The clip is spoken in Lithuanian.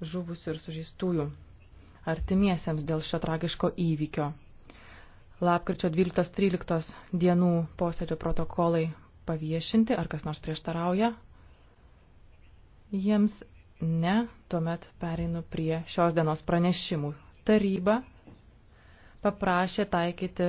žuvusių ir sužeistųjų artimiesiems dėl šio tragiško įvykio. Lapkričio 12-13 dienų posėdžio protokolai paviešinti, ar kas nors prieštarauja jiems ne, tuomet pereinu prie šios dienos pranešimų. Taryba paprašė taikyti